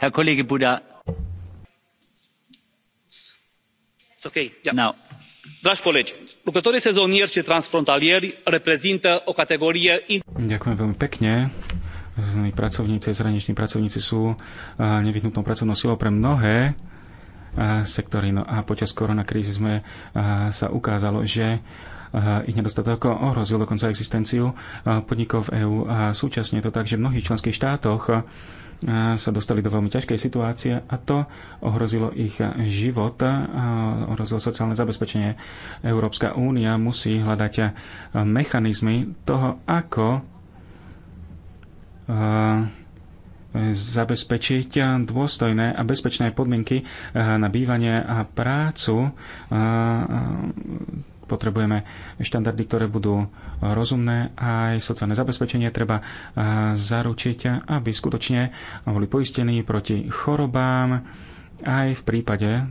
Herr Kollege Buda. Dragi colegi, lucrătorii sezonieri și transfrontalieri reprezintă o categorie... Ďakujem veľmi pekne sezónni pracovníci, zahraniční pracovníci sú eh, nevyhnutnou pracovnou silou pre mnohé eh, sektory. No a počas koronakrízy sme eh, sa ukázalo, že ich nedostatok ohrozil dokonca existenciu eh, podnikov v EÚ a súčasne to tak, že v mnohých členských štátoch eh, sa dostali do veľmi ťažkej situácie a to ohrozilo ich život, eh, ohrozilo sociálne zabezpečenie. Európska únia musí hľadať mechanizmy toho, ako zabezpečiť dôstojné a bezpečné podmienky na bývanie a prácu potrebujeme štandardy, ktoré budú rozumné a aj sociálne zabezpečenie treba eh, zaručiť, aby skutočne boli poistení proti chorobám aj v prípade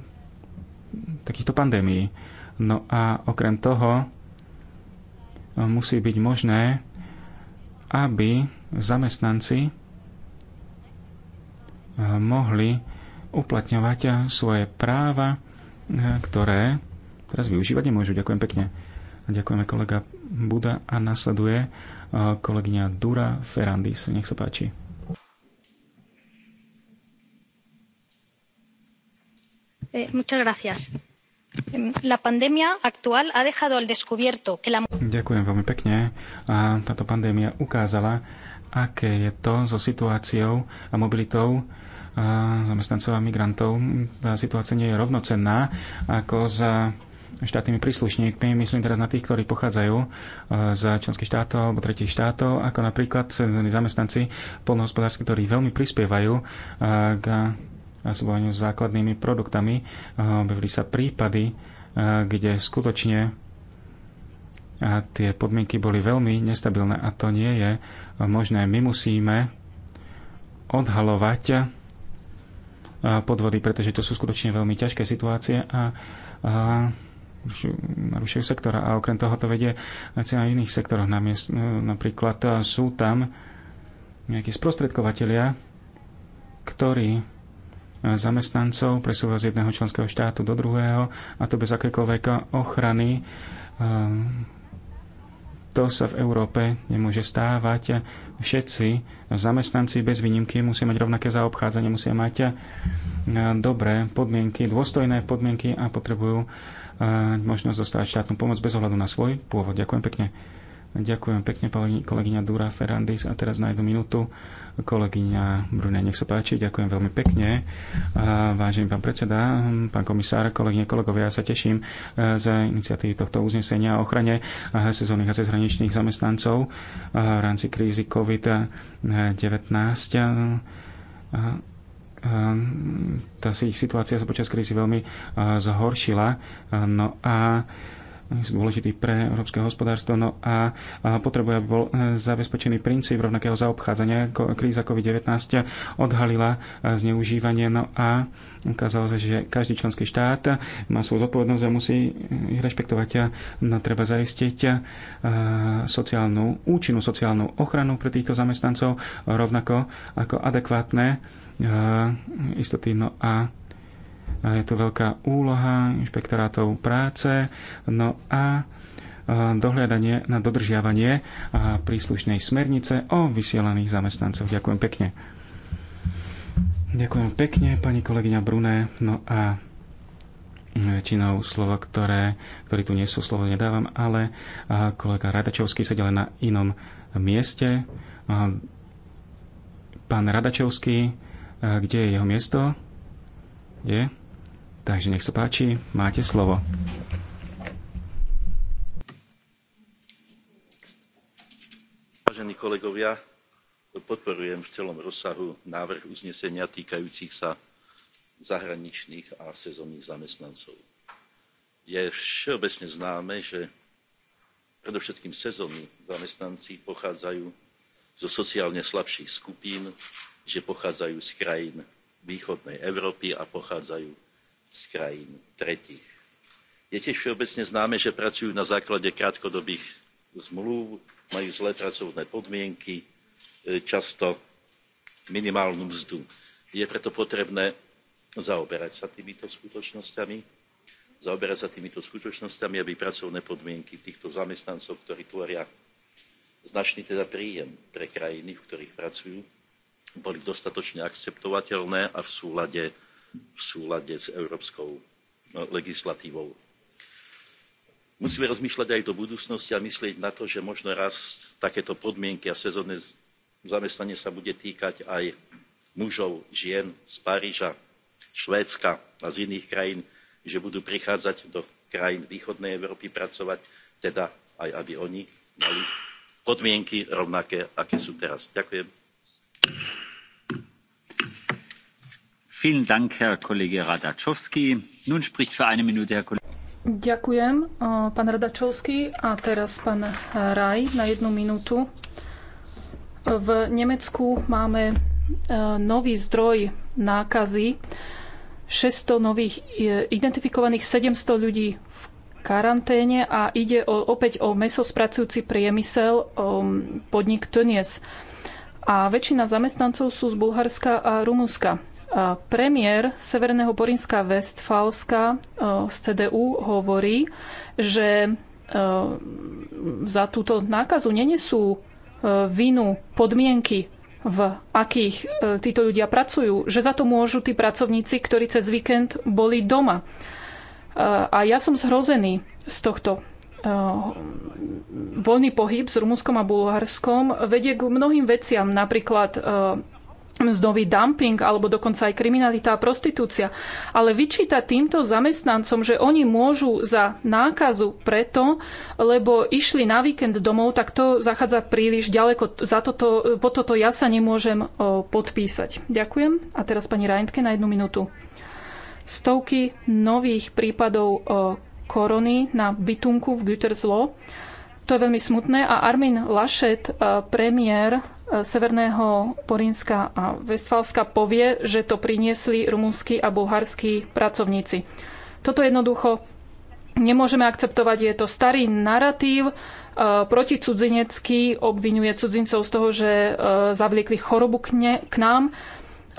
takýchto pandémií. No a okrem toho eh, musí byť možné, aby zamestnanci eh, mohli uplatňovať svoje práva, ktoré teraz využívať nemôžu. Ďakujem pekne. Ďakujeme kolega Buda a nasleduje uh, kolegyňa Dura Ferrandis. Nech sa páči. Eh, Ďakujem veľmi pekne. A táto pandémia ukázala, aké je to so situáciou a mobilitou zamestnancov a migrantov. Tá situácia nie je rovnocenná ako za štátnymi príslušníkmi. Myslím teraz na tých, ktorí pochádzajú eh, z členských štátov alebo tretich štátov, ako napríklad zamestnanci polnohospodársky, ktorí veľmi prispievajú eh, k s základnými produktami. Eh, objavili sa prípady, kde skutočne tie podmienky boli veľmi nestabilné a to nie je možné. My musíme odhalovať podvody, pretože to sú skutočne veľmi ťažké situácie a, a na sektora. A okrem toho to vedie veci aj iných sektoroch. E, napríklad e, sú tam nejakí sprostredkovateľia, ktorí e, zamestnancov presúva z jedného členského štátu do druhého a to bez akékoľvek ochrany. To sa v Európe nemôže stávať. Všetci zamestnanci bez výnimky musia mať rovnaké zaobchádzanie, musia mať dobré podmienky, dôstojné podmienky a potrebujú možnosť dostať štátnu pomoc bez ohľadu na svoj pôvod. Ďakujem pekne. Ďakujem pekne, pani kolegyňa Dura Ferrandis. A teraz na jednu minútu kolegyňa Brune, nech sa páči. Ďakujem veľmi pekne. Vážený pán predseda, pán komisár, kolegyne, kolegovia, ja sa teším e, za iniciatívy tohto uznesenia o ochrane e, sezónnych a cezhraničných zamestnancov e, v rámci krízy COVID-19 Ehm, tá ich situácia sa počas krízy veľmi eh, zhoršila. Ehm, no a dôležitý pre európske hospodárstvo. No a potrebuje, aby bol e, zabezpečený princíp rovnakého zaobchádzania. Kríza COVID-19 odhalila e, zneužívanie. No a ukázalo sa, že každý členský štát má svoju zodpovednosť a musí ich rešpektovať. No treba zaistiť e, sociálnu, účinnú sociálnu ochranu pre týchto zamestnancov, rovnako ako adekvátne istoty. No a je to veľká úloha inšpektorátov práce, no a dohľadanie na dodržiavanie príslušnej smernice o vysielaných zamestnancoch. Ďakujem pekne. Ďakujem pekne, pani kolegyňa Bruné. No a väčšinou slova, ktoré, ktoré tu nie sú, slovo nedávam, ale kolega Radačovský sedel na inom mieste. Pán Radačovský, kde je jeho miesto? Je? Takže nech sa páči, máte slovo. Vážení kolegovia, podporujem v celom rozsahu návrh uznesenia týkajúcich sa zahraničných a sezónnych zamestnancov. Je všeobecne známe, že predovšetkým sezónni zamestnanci pochádzajú zo sociálne slabších skupín, že pochádzajú z krajín východnej Európy a pochádzajú z krajín tretích. Je tiež všeobecne známe, že pracujú na základe krátkodobých zmluv, majú zlé pracovné podmienky, e, často minimálnu mzdu. Je preto potrebné zaoberať sa týmito skutočnosťami, zaoberať sa týmito skutočnosťami, aby pracovné podmienky týchto zamestnancov, ktorí tvoria značný teda príjem pre krajiny, v ktorých pracujú, boli dostatočne akceptovateľné a v súlade v súlade s európskou no, legislatívou. musíme rozmýšľať aj do budúcnosti a myslieť na to že možno raz takéto podmienky a sezónne zamestnanie sa bude týkať aj mužov žien z paríža švédska a z iných krajín že budú prichádzať do krajín východnej európy pracovať teda aj aby oni mali podmienky rovnaké aké sú teraz. ďakujem. Ďakujem, pán Radačovský. A teraz pán Raj na jednu minútu. V Nemecku máme e, nový zdroj nákazy. 600 nových e, identifikovaných, 700 ľudí v karanténe a ide o, opäť o mesospracujúci priemysel podnik Tönies. A väčšina zamestnancov sú z Bulharska a Rumunska. Premiér Severného Porinska Westfalska e, z CDU hovorí, že e, za túto nákazu nenesú e, vinu podmienky, v akých títo ľudia pracujú, že za to môžu tí pracovníci, ktorí cez víkend boli doma. A ja som zhrozený z tohto. Voľný pohyb s Rumunskom a Bulharskom vedie k mnohým veciam, napríklad mzdový dumping alebo dokonca aj kriminalita a prostitúcia. Ale vyčíta týmto zamestnancom, že oni môžu za nákazu preto, lebo išli na víkend domov, tak to zachádza príliš ďaleko. Za toto, po toto ja sa nemôžem podpísať. Ďakujem. A teraz pani Reintke na jednu minútu. Stovky nových prípadov korony na bytunku v Gütersloh to je veľmi smutné a Armin Laschet, eh, premiér eh, Severného Porínska a Vestfalska, povie, že to priniesli rumúnsky a bulharskí pracovníci. Toto jednoducho nemôžeme akceptovať. Je to starý narratív, eh, cudzinecký, obvinuje cudzincov z toho, že zavliekli chorobu k, ne, k nám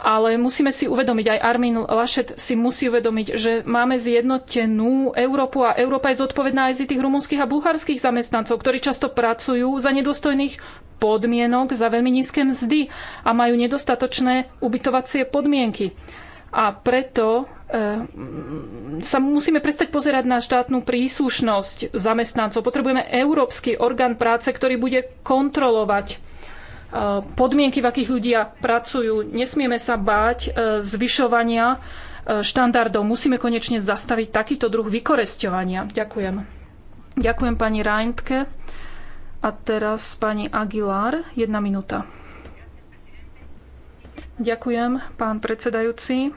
ale musíme si uvedomiť, aj Armin Laschet si musí uvedomiť, že máme zjednotenú Európu a Európa je zodpovedná aj z tých rumunských a bulharských zamestnancov, ktorí často pracujú za nedôstojných podmienok, za veľmi nízke mzdy a majú nedostatočné ubytovacie podmienky. A preto eh, sa musíme prestať pozerať na štátnu príslušnosť zamestnancov. Potrebujeme európsky orgán práce, ktorý bude kontrolovať podmienky, v akých ľudia pracujú. Nesmieme sa báť e, zvyšovania e, štandardov. Musíme konečne zastaviť takýto druh vykoresťovania. Ďakujem. Ďakujem pani Reintke. A teraz pani Aguilar, jedna minúta. Ďakujem, pán predsedajúci.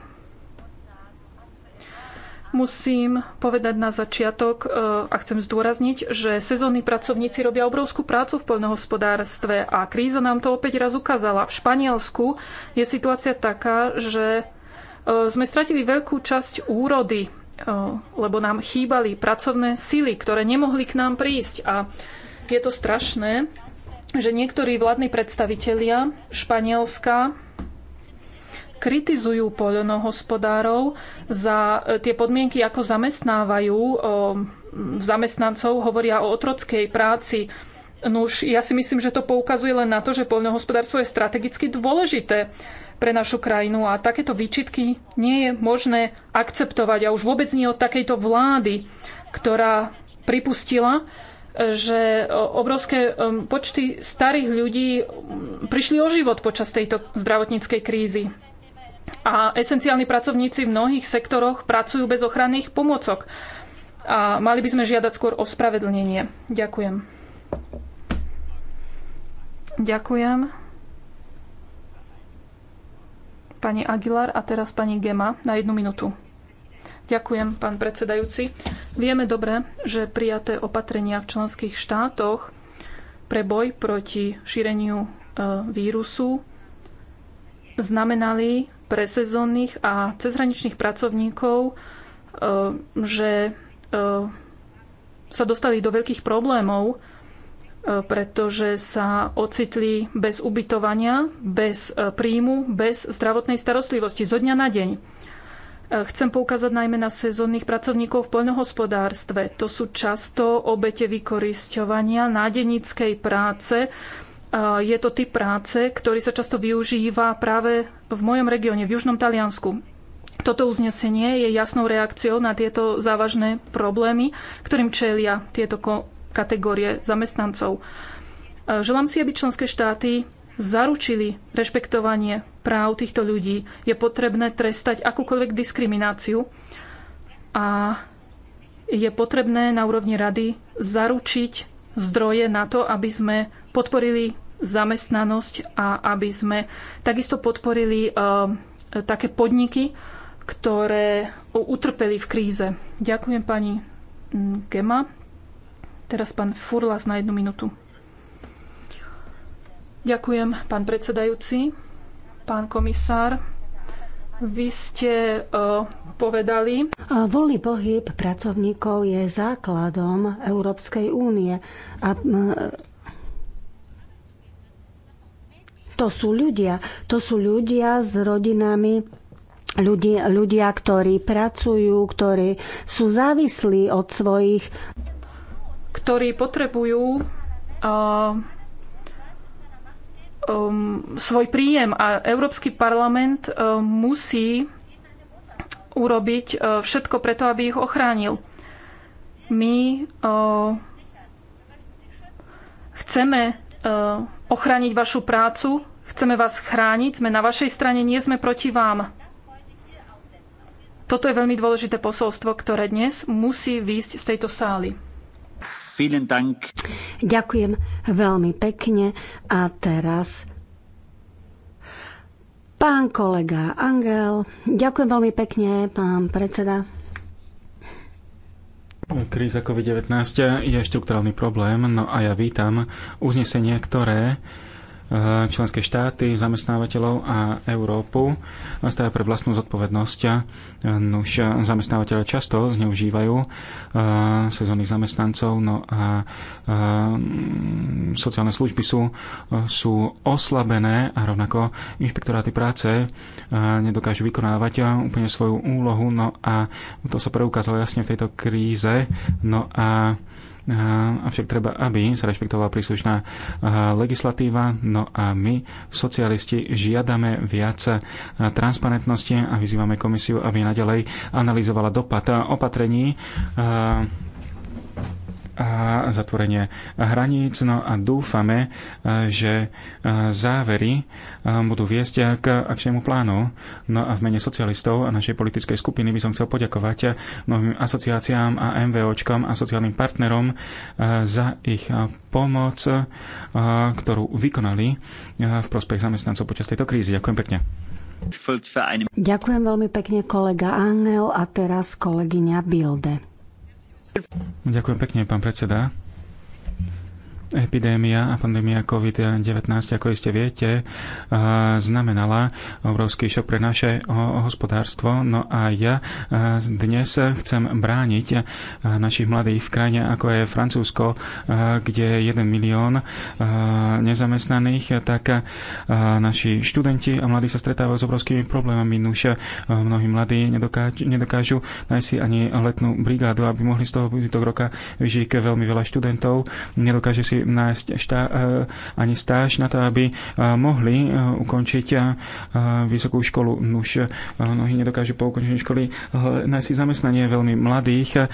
Musím povedať na začiatok e, a chcem zdôrazniť, že sezónni pracovníci robia obrovskú prácu v poľnohospodárstve a kríza nám to opäť raz ukázala. V Španielsku je situácia taká, že e, sme stratili veľkú časť úrody, e, lebo nám chýbali pracovné sily, ktoré nemohli k nám prísť. A je to strašné, že niektorí vládni predstavitelia Španielska kritizujú poľnohospodárov za e, tie podmienky, ako zamestnávajú zamestnancov, hovoria o otrockej práci. No už ja si myslím, že to poukazuje len na to, že poľnohospodárstvo je strategicky dôležité pre našu krajinu a takéto výčitky nie je možné akceptovať. A už vôbec nie od takejto vlády, ktorá pripustila, e, že e, obrovské počty starých ľudí prišli o život počas tejto zdravotníckej krízy a esenciálni pracovníci v mnohých sektoroch pracujú bez ochranných pomôcok. A mali by sme žiadať skôr ospravedlnenie. Ďakujem. Ďakujem. Pani Aguilar a teraz pani Gema na jednu minútu. Ďakujem, pán predsedajúci. Vieme dobre, že prijaté opatrenia v členských štátoch pre boj proti šíreniu e, vírusu znamenali pre sezónnych a cezhraničných pracovníkov, e, že e, sa dostali do veľkých problémov, e, pretože sa ocitli bez ubytovania, bez príjmu, bez zdravotnej starostlivosti zo dňa na deň. Chcem poukázať najmä na sezónnych pracovníkov v poľnohospodárstve. To sú často obete vykorisťovania nádenickej práce, je to typ práce, ktorý sa často využíva práve v mojom regióne, v Južnom Taliansku. Toto uznesenie je jasnou reakciou na tieto závažné problémy, ktorým čelia tieto kategórie zamestnancov. Želám si, aby členské štáty zaručili rešpektovanie práv týchto ľudí. Je potrebné trestať akúkoľvek diskrimináciu a je potrebné na úrovni rady zaručiť zdroje na to, aby sme podporili zamestnanosť a aby sme takisto podporili e, také podniky, ktoré utrpeli v kríze. Ďakujem pani Gema. Teraz pán Furlas na jednu minútu. Ďakujem, pán predsedajúci, pán komisár. Vy ste uh, povedali. Voľný pohyb pracovníkov je základom Európskej únie a uh, to sú ľudia. To sú ľudia s rodinami, ľudia, ľudia, ktorí pracujú, ktorí sú závislí od svojich. Ktorí potrebujú uh, um, svoj príjem a Európsky parlament uh, musí urobiť uh, všetko preto, aby ich ochránil. My uh, chceme uh, ochrániť vašu prácu, chceme vás chrániť, sme na vašej strane, nie sme proti vám. Toto je veľmi dôležité posolstvo, ktoré dnes musí výjsť z tejto sály. Ďakujem veľmi pekne. A teraz pán kolega Angel. Ďakujem veľmi pekne, pán predseda. Kríza COVID-19 je štruktúrálny problém, no a ja vítam uznesenie, ktoré Eh, členské štáty, zamestnávateľov a Európu stáva pre vlastnú zodpovednosť. Eh, Už eh, zamestnávateľe často zneužívajú sezónnych zamestnancov, no a sociálne služby sú, sú oslabené a rovnako inšpektoráty práce nedokážu vykonávať úplne svoju úlohu, no a to sa preukázalo jasne v tejto kríze, no a avšak treba, aby sa rešpektovala príslušná legislatíva. No a my, socialisti, žiadame viac transparentnosti a vyzývame komisiu, aby nadalej analyzovala dopad opatrení a zatvorenie hraníc. No a dúfame, e, že e, závery e, budú viesť k akčnému plánu. No a v mene socialistov a našej politickej skupiny by som chcel poďakovať novým asociáciám a MVOčkom a sociálnym partnerom za ich pomoc, ktorú vykonali v prospech zamestnancov počas tejto krízy. Ďakujem pekne. Ďakujem veľmi pekne kolega Angel a teraz kolegyňa Bilde. Ďakujem pekne, pán predseda. Epidémia a pandémia COVID-19, ako iste viete, znamenala obrovský šok pre naše hospodárstvo. No a ja dnes chcem brániť našich mladých v krajine, ako je Francúzsko, kde je 1 milión nezamestnaných, tak naši študenti a mladí sa stretávajú s obrovskými problémami. Už mnohí mladí nedokážu, nedokážu nájsť si ani letnú brigádu, aby mohli z toho budútok roka vyžiť veľmi veľa študentov. Nedokáže si nájsť štá, eh, ani stáž na to, aby eh, mohli eh, ukončiť vysokú školu. Už mnohí nedokážu po ukončení školy nájsť si zamestnanie. Veľmi mladých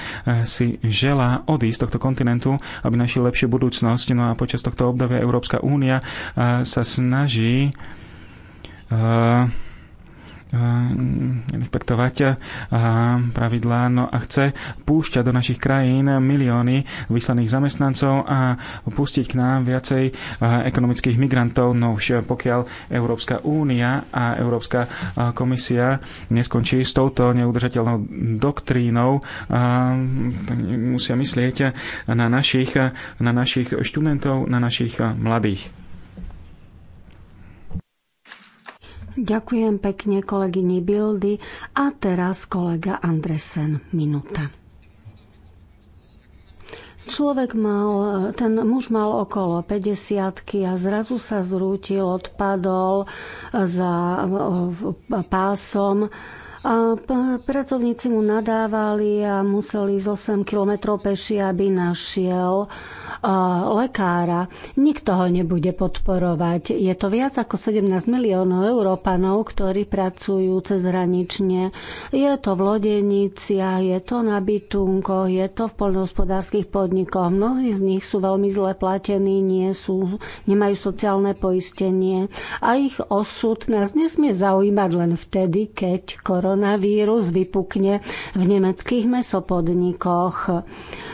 si želá odísť z tohto kontinentu, aby našli lepšiu budúcnosť. No a počas tohto obdobia Európska únia sa snaží uh, rešpektovať pravidlá no a chce púšťať do našich krajín milióny vyslaných zamestnancov a pustiť k nám viacej ekonomických migrantov. No už e, pokiaľ Európska únia a Európska komisia neskončí s touto neudržateľnou doktrínou, musia myslieť na našich, na našich študentov, na našich mladých. Ďakujem pekne kolegyni Bildy a teraz kolega Andresen. Minúta človek mal, ten muž mal okolo 50 a zrazu sa zrútil, odpadol za pásom a pracovníci mu nadávali a museli ísť 8 kilometrov peši, aby našiel lekára. Nikto ho nebude podporovať. Je to viac ako 17 miliónov Európanov, ktorí pracujú cez hranične. Je to v lodeniciach, je to na bytunkoch, je to v poľnohospodárskych podnikoch. Mnozí z nich sú veľmi zle platení, nie sú, nemajú sociálne poistenie a ich osud nás nesmie zaujímať len vtedy, keď korona koronavírus vypukne v nemeckých mesopodnikoch.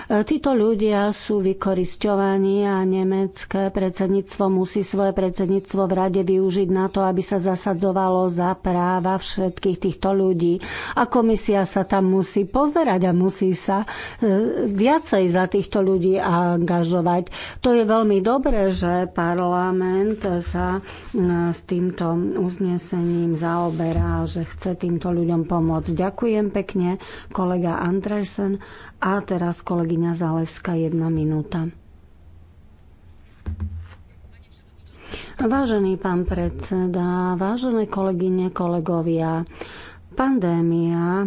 Títo ľudia sú vykoristovaní a nemecké predsedníctvo musí svoje predsedníctvo v rade využiť na to, aby sa zasadzovalo za práva všetkých týchto ľudí. A komisia sa tam musí pozerať a musí sa e, viacej za týchto ľudí angažovať. To je veľmi dobré, že parlament sa e, s týmto uznesením zaoberá, že chce týmto ľuďom ľuďom pomôcť. Ďakujem pekne, kolega Andresen a teraz kolegyňa Zalevská, jedna minúta. Vážený pán predseda, vážené kolegyne, kolegovia, pandémia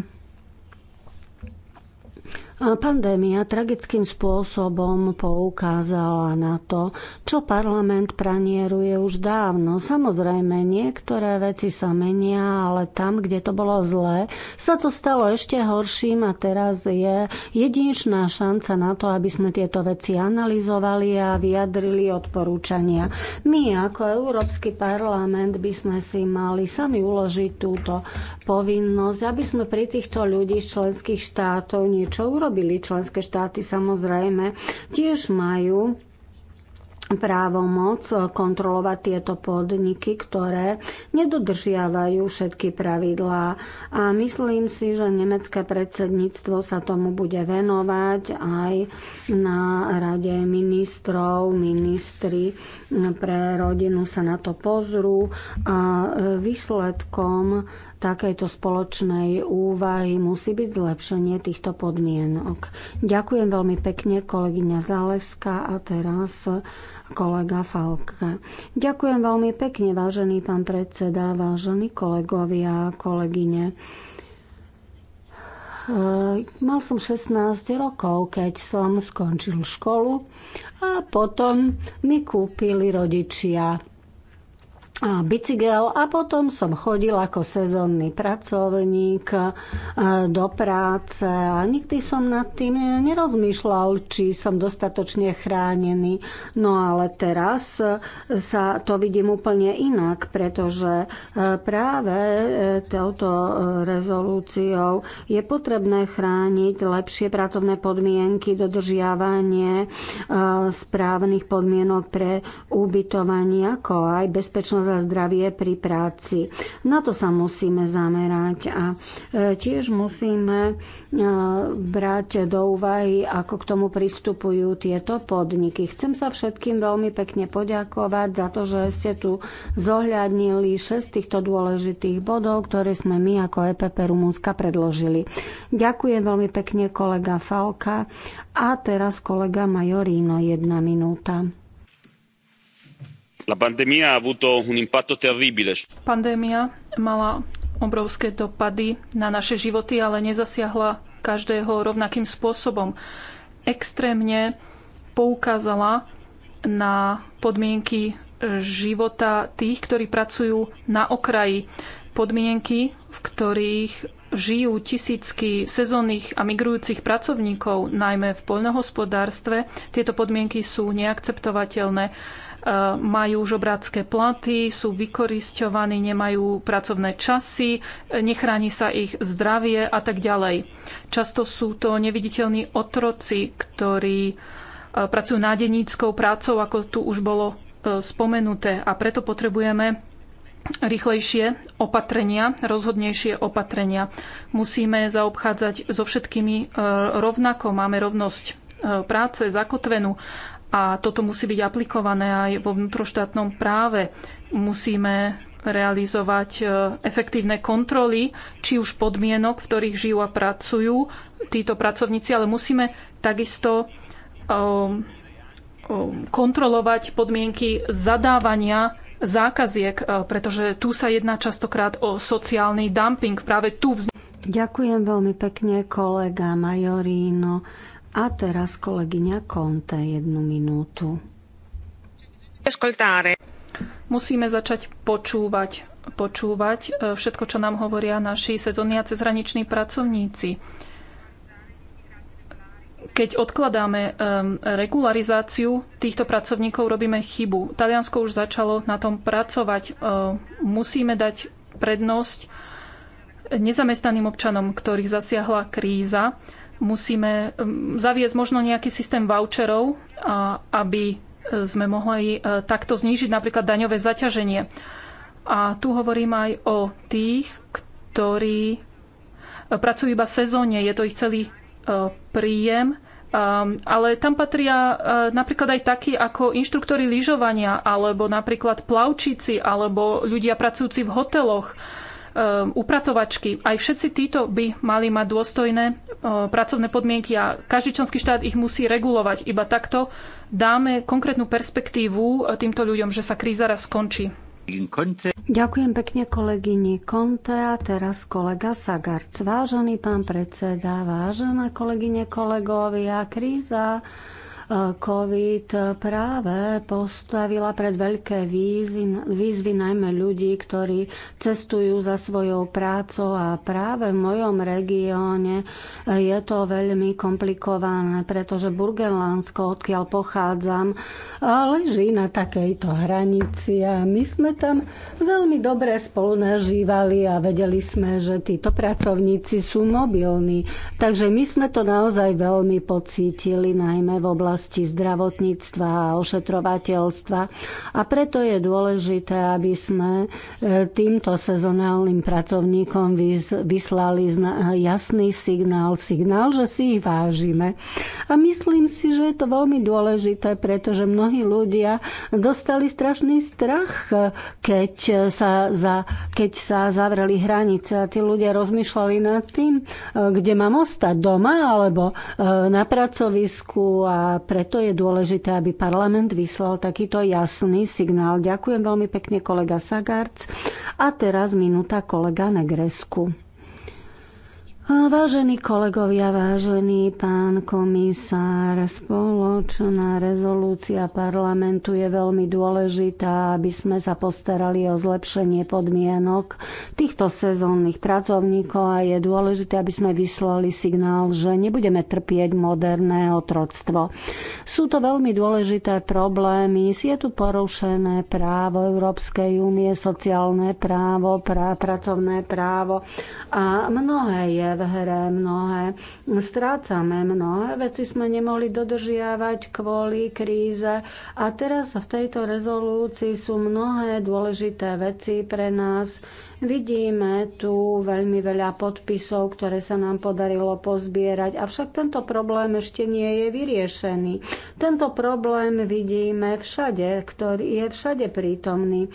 Pandémia tragickým spôsobom poukázala na to, čo parlament pranieruje už dávno. Samozrejme, niektoré veci sa menia, ale tam, kde to bolo zlé, sa to stalo ešte horším a teraz je jedinečná šanca na to, aby sme tieto veci analyzovali a vyjadrili odporúčania. My ako Európsky parlament by sme si mali sami uložiť túto povinnosť, aby sme pri týchto ľudí z členských štátov niečo urobili urobili. Členské štáty samozrejme tiež majú právomoc kontrolovať tieto podniky, ktoré nedodržiavajú všetky pravidlá. A myslím si, že nemecké predsedníctvo sa tomu bude venovať aj na rade ministrov, ministri pre rodinu sa na to pozrú a výsledkom takejto spoločnej úvahy musí byť zlepšenie týchto podmienok. Ďakujem veľmi pekne kolegyňa Zálevská a teraz kolega Falka. Ďakujem veľmi pekne, vážený pán predseda, vážení kolegovia a kolegyne. E, mal som 16 rokov, keď som skončil školu a potom mi kúpili rodičia a bicykel a potom som chodil ako sezónny pracovník e, do práce a nikdy som nad tým nerozmýšľal, či som dostatočne chránený. No ale teraz e, sa to vidím úplne inak, pretože e, práve touto rezolúciou je potrebné chrániť lepšie pracovné podmienky, dodržiavanie správnych podmienok pre ubytovanie, ako aj bezpečnosť za zdravie pri práci. Na to sa musíme zamerať a e, tiež musíme e, brať do úvahy, ako k tomu pristupujú tieto podniky. Chcem sa všetkým veľmi pekne poďakovať za to, že ste tu zohľadnili šest týchto dôležitých bodov, ktoré sme my ako EPP Rumunska predložili. Ďakujem veľmi pekne kolega Falka a teraz kolega Majorino, jedna minúta. Pandémia mala obrovské dopady na naše životy, ale nezasiahla každého rovnakým spôsobom. Extrémne poukázala na podmienky života tých, ktorí pracujú na okraji. Podmienky, v ktorých žijú tisícky sezónnych a migrujúcich pracovníkov, najmä v poľnohospodárstve, tieto podmienky sú neakceptovateľné. E, majú žobrácké platy, sú vykorisťovaní, nemajú pracovné časy, e, nechráni sa ich zdravie a tak ďalej. Často sú to neviditeľní otroci, ktorí e, pracujú nádeníckou prácou, ako tu už bolo spomenuté. A preto potrebujeme rýchlejšie opatrenia, rozhodnejšie opatrenia. Musíme zaobchádzať so všetkými rovnako, máme rovnosť práce zakotvenú a toto musí byť aplikované aj vo vnútroštátnom práve. Musíme realizovať e, efektívne kontroly, či už podmienok, v ktorých žijú a pracujú títo pracovníci, ale musíme takisto ehm, ehm, kontrolovať podmienky zadávania zákaziek, e, pretože tu sa jedná častokrát o sociálny dumping. Práve tu vz... Ďakujem veľmi pekne kolega Majorino. A teraz kolegyňa Konte jednu minútu. Musíme začať počúvať, počúvať e, všetko, čo nám hovoria naši sezónni a cezhraniční pracovníci keď odkladáme um, regularizáciu týchto pracovníkov, robíme chybu. Taliansko už začalo na tom pracovať. Um, musíme dať prednosť nezamestnaným občanom, ktorých zasiahla kríza. Musíme um, zaviesť možno nejaký systém voucherov, aby e, sme mohli e, takto znížiť napríklad daňové zaťaženie. A tu hovorím aj o tých, ktorí e, pracujú iba sezóne, je to ich celý príjem, ehm, ale tam patria napríklad aj takí ako inštruktori lyžovania, alebo napríklad plavčíci, alebo ľudia pracujúci v hoteloch. Ehm, upratovačky. Aj všetci títo by mali mať dôstojné ehm, pracovné podmienky a každý členský štát ich musí regulovať. Iba takto dáme konkrétnu perspektívu eh, týmto ľuďom, že sa kríza raz skončí. Ďakujem pekne kolegyni Konte a teraz kolega Sagarc. Vážený pán predseda, vážená kolegyne, kolegovia, kríza COVID práve postavila pred veľké výzvy, výzvy najmä ľudí, ktorí cestujú za svojou prácou a práve v mojom regióne je to veľmi komplikované, pretože Burgenlandsko, odkiaľ pochádzam, leží na takejto hranici a my sme tam veľmi dobre nažívali a vedeli sme, že títo pracovníci sú mobilní. Takže my sme to naozaj veľmi pocítili, najmä v oblasti oblasti zdravotníctva a ošetrovateľstva. A preto je dôležité, aby sme e, týmto sezonálnym pracovníkom vyslali jasný signál, signál, že si ich vážime. A myslím si, že je to veľmi dôležité, pretože mnohí ľudia dostali strašný strach, e, keď sa, za, keď sa zavreli hranice a tí ľudia rozmýšľali nad tým, e, kde mám ostať doma alebo na pracovisku a preto je dôležité, aby parlament vyslal takýto jasný signál. Ďakujem veľmi pekne kolega Sagarc. A teraz minúta kolega Negresku. Vážení kolegovia, vážený pán komisár, spoločná rezolúcia parlamentu je veľmi dôležitá, aby sme sa postarali o zlepšenie podmienok týchto sezónnych pracovníkov a je dôležité, aby sme vyslali signál, že nebudeme trpieť moderné otroctvo. Sú to veľmi dôležité problémy, je tu porušené právo Európskej únie, sociálne právo, pra- pracovné právo a mnohé je v hre, mnohé strácame, mnohé veci sme nemohli dodržiavať kvôli kríze a teraz v tejto rezolúcii sú mnohé dôležité veci pre nás. Vidíme tu veľmi veľa podpisov, ktoré sa nám podarilo pozbierať, avšak tento problém ešte nie je vyriešený. Tento problém vidíme všade, ktorý je všade prítomný.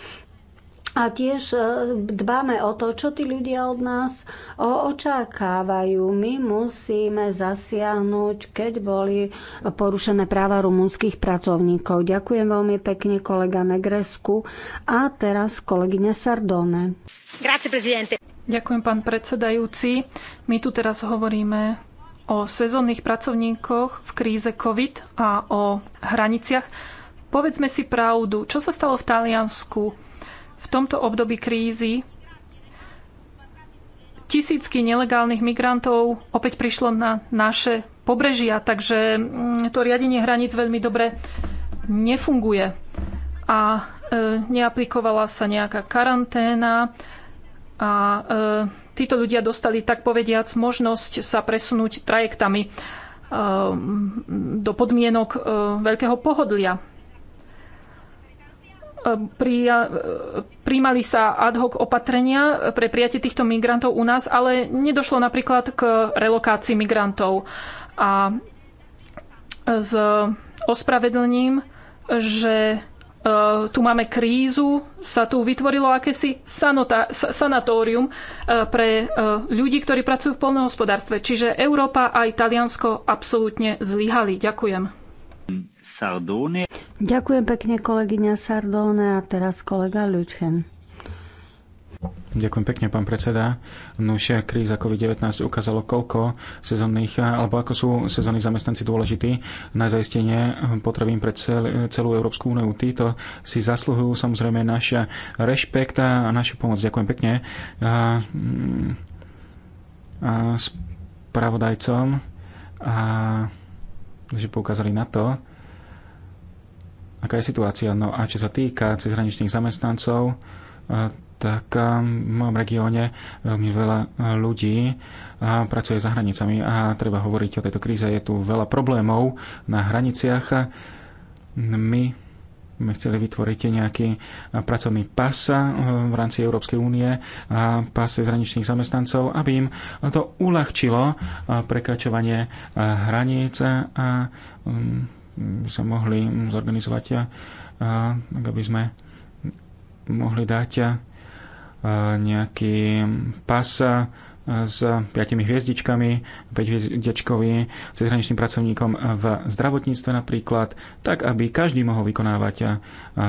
A tiež e, dbáme o to, čo tí ľudia od nás očakávajú. My musíme zasiahnuť, keď boli porušené práva rumúnskych pracovníkov. Ďakujem veľmi pekne kolega Negresku a teraz kolegyňa Sardone. Grazie, prezidente. Ďakujem, pán predsedajúci. My tu teraz hovoríme o sezónnych pracovníkoch v kríze COVID a o hraniciach. Povedzme si pravdu, čo sa stalo v Taliansku v tomto období krízy tisícky nelegálnych migrantov opäť prišlo na naše pobrežia, takže mm, to riadenie hraníc veľmi dobre nefunguje. A e, neaplikovala sa nejaká karanténa a e, títo ľudia dostali, tak povediac, možnosť sa presunúť trajektami e, do podmienok e, veľkého pohodlia príjmali sa ad hoc opatrenia pre prijatie týchto migrantov u nás, ale nedošlo napríklad k relokácii migrantov. A s ospravedlním, že e, tu máme krízu, sa tu vytvorilo akési sanatórium e, pre e, ľudí, ktorí pracujú v polnohospodárstve. Čiže Európa a Taliansko absolútne zlyhali. Ďakujem. Sardone. Ďakujem pekne kolegyňa Sardone a teraz kolega Ľučen. Ďakujem pekne, pán predseda. Nušia kríza COVID-19 ukázalo, koľko sezónnych, alebo ako sú sezónni zamestnanci dôležití na zaistenie potravín pre cel, celú Európsku úniu. Títo si zasluhujú samozrejme naša rešpekt a našu pomoc. Ďakujem pekne. A, mm, a spravodajcom a že poukázali na to, aká je situácia. No a čo sa týka cezhraničných zamestnancov, eh, tak eh, v mojom regióne veľmi eh, veľa ľudí pracuje za hranicami a treba hovoriť o tejto kríze. Je tu veľa problémov na hraniciach. My sme chceli vytvoriť nejaký eh, pracovný pas eh, v rámci Európskej únie a pas zraničných zamestnancov, aby im to uľahčilo eh, prekračovanie hraníc a mm, sa mohli mm, zorganizovať, aby sme mohli dať nejaký pas s 5 hviezdičkami, 5 hviezdičkovi, cezhraničným pracovníkom v zdravotníctve napríklad, tak aby každý mohol vykonávať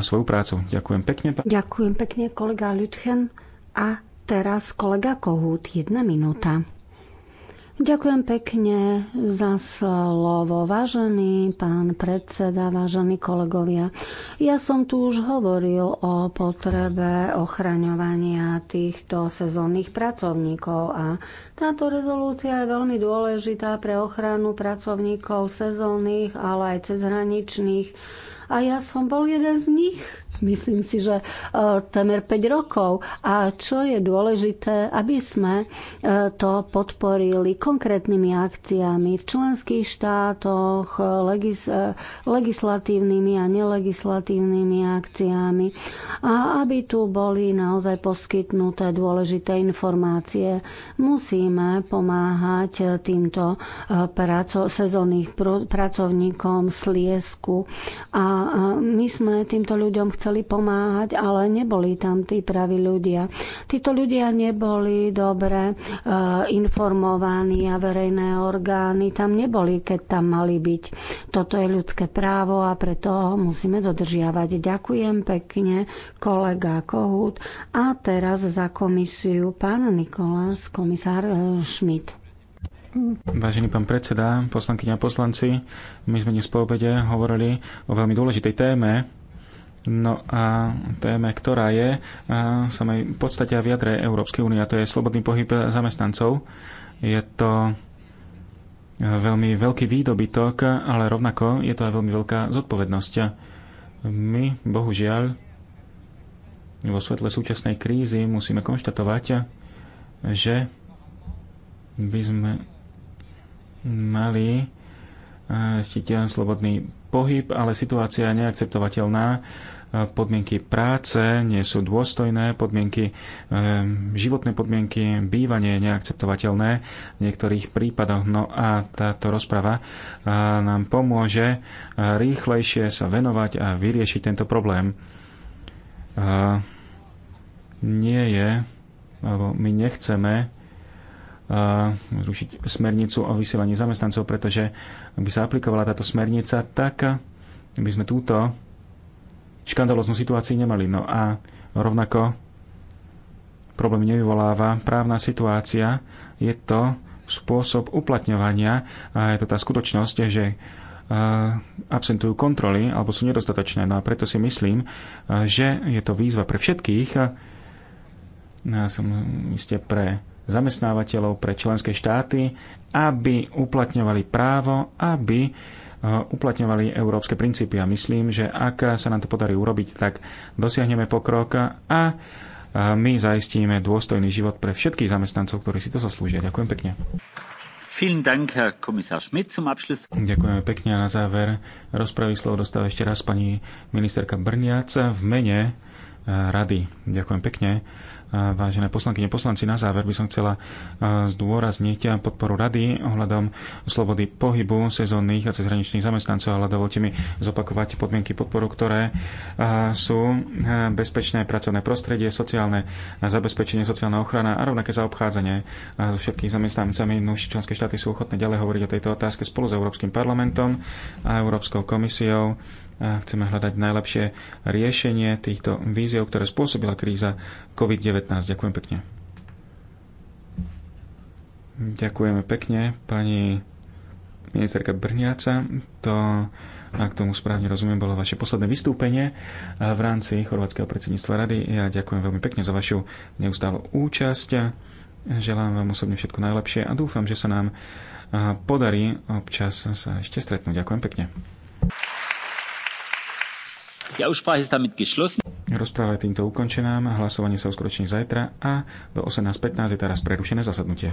svoju prácu. Ďakujem pekne. Ďakujem pekne, kolega Ľudchen. A teraz kolega Kohút, jedna minúta. Ďakujem pekne za slovo, vážený pán predseda, vážení kolegovia. Ja som tu už hovoril o potrebe ochraňovania týchto sezónnych pracovníkov a táto rezolúcia je veľmi dôležitá pre ochranu pracovníkov sezónnych, ale aj cezhraničných. A ja som bol jeden z nich, myslím si, že e, temer 5 rokov. A čo je dôležité, aby sme e, to podporili konkrétnymi akciami v členských štátoch, legis- e, legislatívnymi a nelegislatívnymi akciami a aby tu boli naozaj poskytnuté dôležité informácie. Musíme pomáhať týmto praco- sezónnych pr- pracovníkom Sliesku a my sme týmto ľuďom chceli chceli pomáhať, ale neboli tam tí praví ľudia. Títo ľudia neboli dobre e, informovaní a verejné orgány tam neboli, keď tam mali byť. Toto je ľudské právo a preto ho musíme dodržiavať. Ďakujem pekne, kolega Kohut. A teraz za komisiu pán Nikolás, komisár e, Schmidt. Vážený pán predseda, poslankyňa a poslanci, my sme dnes po obede hovorili o veľmi dôležitej téme, No a téme, ktorá je v samej podstate a v jadre Európskej únie, a to je slobodný pohyb zamestnancov. Je to e, veľmi veľký výdobytok, ale rovnako je to aj veľmi veľká zodpovednosť. My, bohužiaľ, vo svetle súčasnej krízy musíme konštatovať, že by sme mali zistiť e, slobodný pohyb, ale situácia je neakceptovateľná. E, podmienky práce nie sú dôstojné, podmienky, e, životné podmienky, bývanie je neakceptovateľné v niektorých prípadoch. No a táto rozprava nám pomôže rýchlejšie sa venovať a vyriešiť tento problém. Nie je, alebo my nechceme zrušiť smernicu o vysielaní zamestnancov, pretože ak by sa aplikovala táto smernica, tak eh, by sme túto škandaloznú situáciu nemali. No a rovnako problém nevyvoláva právna situácia, je to spôsob uplatňovania a je to tá skutočnosť, že eh, absentujú kontroly alebo sú nedostatočné. No a preto si myslím, eh, že je to výzva pre všetkých, ja som iste pre zamestnávateľov pre členské štáty, aby uplatňovali právo, aby e, uplatňovali európske princípy. A myslím, že ak sa nám to podarí urobiť, tak dosiahneme pokrok a my zaistíme dôstojný život pre všetkých zamestnancov, ktorí si to zaslúžia. Ďakujem pekne. Ďakujeme pekne a na záver rozpravy slovo dostáva ešte raz pani ministerka Brniac v mene e, rady. Ďakujem pekne. Vážené poslankyne, poslanci, na záver by som chcela zdôrazniť podporu rady ohľadom slobody pohybu sezónnych a cezhraničných zamestnancov, ale dovolte mi zopakovať podmienky podporu, ktoré sú bezpečné pracovné prostredie, sociálne zabezpečenie, sociálna ochrana a rovnaké zaobchádzanie so všetkých zamestnancami. Nuž no, členské štáty sú ochotné ďalej hovoriť o tejto otázke spolu s Európskym parlamentom a Európskou komisiou chceme hľadať najlepšie riešenie týchto víziev, ktoré spôsobila kríza COVID-19. Ďakujem pekne. Ďakujeme pekne, pani ministerka Brňáca. To, ak tomu správne rozumiem, bolo vaše posledné vystúpenie v rámci chorvátskeho predsedníctva rady. Ja ďakujem veľmi pekne za vašu neustálu účasť. Želám vám osobne všetko najlepšie a dúfam, že sa nám podarí občas sa ešte stretnúť. Ďakujem pekne. Rozpráva je týmto ukončená, hlasovanie sa uskutoční zajtra a do 18.15 je teraz prerušené zasadnutie.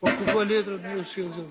Ocupa a letra do meu senhor.